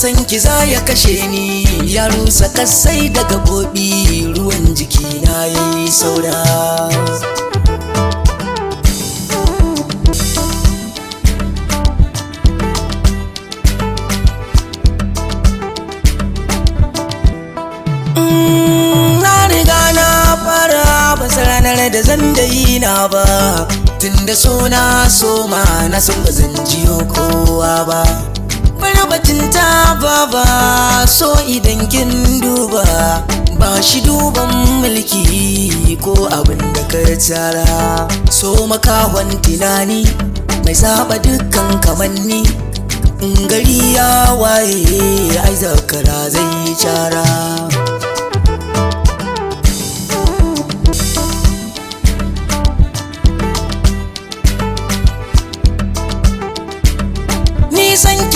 san ki ya kashe ni ya rusa kasai daga gabobi ruwan jiki mm, na yi saura ranar da zan da yi na ba tunda da so na so ma na san ba zan jiyo kowa ba wani batun ta baba so idan kin duba ba shi duban mulki ko abin da ka tara so makahon tunani mai saba dukkan kamanni in gari ya waye ai zakara zai cara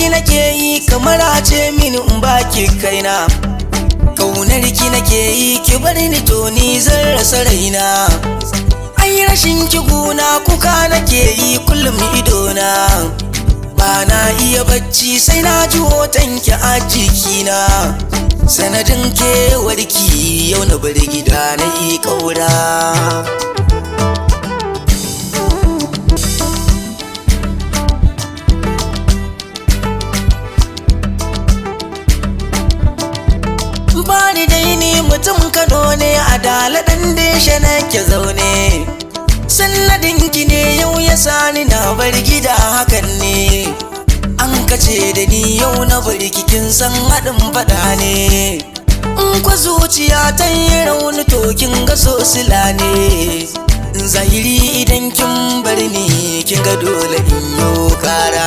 ki nake yi kamar a ce mini in baki kaina kaunar ki nake yi ki bar ni to ni zan rasa raina ai rashin ki guna kuka nake yi kullum idona ba na iya bacci sai na ji hoton ki a jikina sanadin kewarki yau na bar gida na yi ƙaura ce da ni yau na bari kikin san haɗin faɗa ne in kwa zuciya ta yi rauni to kin ga sosila ne zahiri idan kin bar ni kin ga dole in yo kara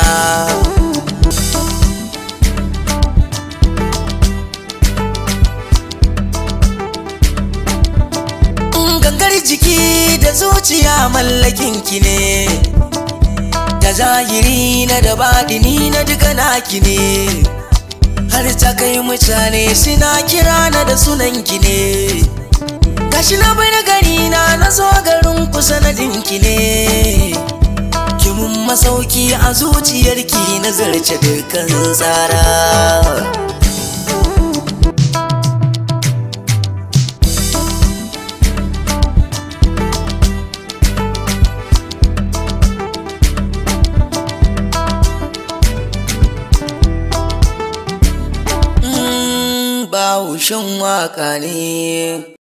gangar jiki da zuciya mallakin ki ne zahiri na da ni na duka naki ne har ta kai mutane suna kira na da sunanki ne gashi na bai na gari na na zo garin kusa na dinki ne mun masauki a zuciyarki na zarce dukan tsara bawu shin waka ne